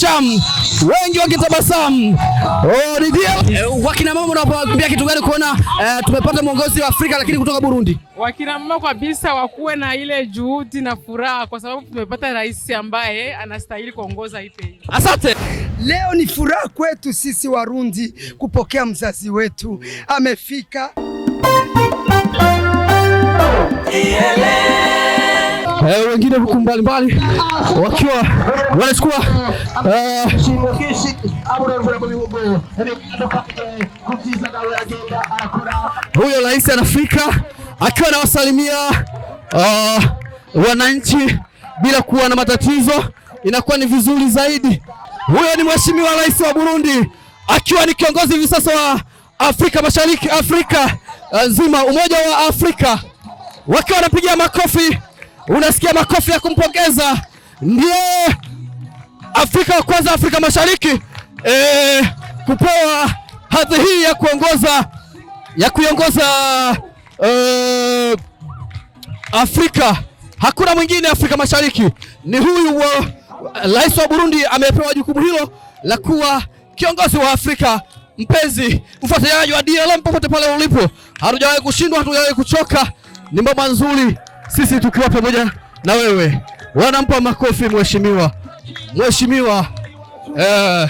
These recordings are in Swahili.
tabasamu, wengi wakitabasamu. Oh, eh, wakina mama unawaambia kitu gani kuona eh, tumepata mwongozi wa Afrika lakini kutoka Burundi? Wakina mama kabisa wakuwe na ile juhudi na furaha kwa sababu tumepata rais ambaye anastahili kuongoza hii Asante. Leo ni furaha kwetu sisi Warundi kupokea mzazi wetu amefika eh, wengine huku mbalimbali wakiwa wanachukua eh, huyo rais anafika akiwa anawasalimia uh, wananchi bila kuwa na matatizo, inakuwa ni vizuri zaidi. Huyo ni mheshimiwa rais wa Burundi akiwa ni kiongozi hivi sasa wa Afrika Mashariki, Afrika eh, nzima, Umoja wa Afrika, wakiwa wanapiga makofi Unasikia makofi ya kumpongeza, ndiye Afrika wa kwanza Afrika Mashariki e, kupewa hadhi hii ya kuongoza ya kuiongoza e, Afrika. Hakuna mwingine Afrika Mashariki, ni huyu rais wa Burundi amepewa jukumu hilo la kuwa kiongozi wa Afrika. Mpenzi mfuatiliaji wa DLM, popote pale ulipo, hatujawahi kushindwa, hatujawahi kuchoka, ni mambo mazuri sisi tukiwa pamoja na wewe. Wanampa makofi mheshimiwa, mheshimiwa eh.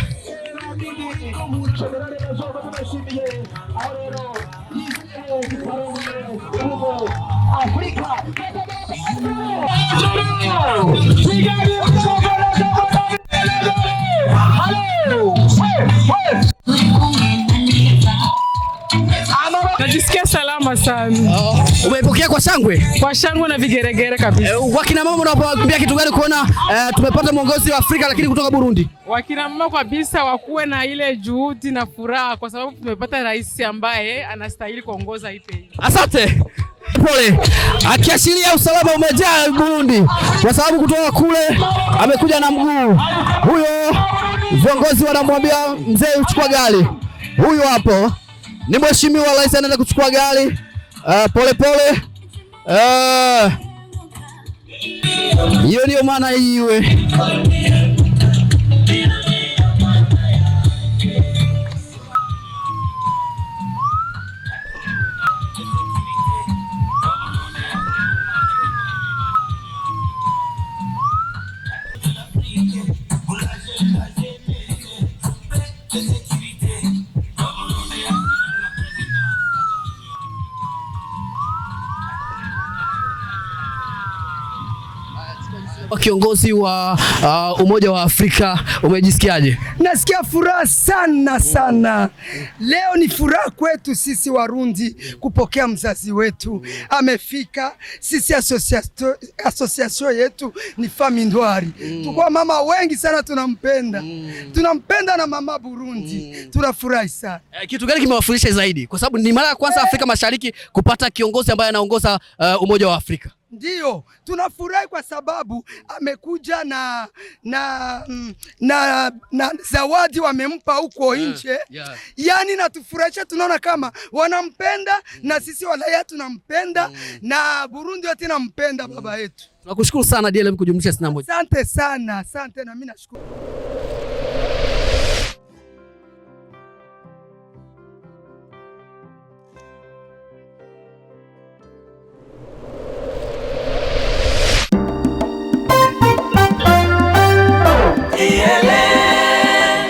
Najisikia sana sana. Oh, umepokea kwa shangwe? Kwa shangwe na vigeregere kabisa. Eh, wakina mama unapoambia kitu gani kuona eh, tumepata mwongozi wa Afrika lakini kutoka Burundi? Wakina mama kabisa wakuwe na ile juhudi na furaha kwa sababu tumepata rais ambaye anastahili kuongoza hii taifa. Asante. Pole. Akiashiria usalama umejaa Burundi kwa sababu kutoka kule amekuja na mguu huyo, viongozi wanamwambia mzee uchukua gari. Huyu hapo ni mheshimiwa rais anaenda kuchukua gari Eh, pole pole eh. hiyo ndio maana iwe Kiongozi wa uh, Umoja wa Afrika umejisikiaje? Nasikia furaha sana sana. Leo ni furaha kwetu sisi Warundi kupokea mzazi wetu amefika. Sisi asosiasio yetu ni Famindwari mm. Tukua mama wengi sana tunampenda mm. Tunampenda na mama Burundi mm. Tunafurahi sana. Eh, kitu gani kimewafurahisha zaidi? Kwa sababu ni mara ya kwanza eh, Afrika Mashariki kupata kiongozi ambaye anaongoza uh, Umoja wa Afrika Ndiyo, tunafurahi kwa sababu amekuja na na, mm, na, na zawadi wamempa huko nje yeah, yeah. Yaani natufurahisha, tunaona kama wanampenda mm. na sisi walaya tunampenda mm. na Burundi yote inampenda mm. baba yetu. tunakushukuru sana DLM kujumlisha sina moja. Asante sana, asante na mimi nashukuru.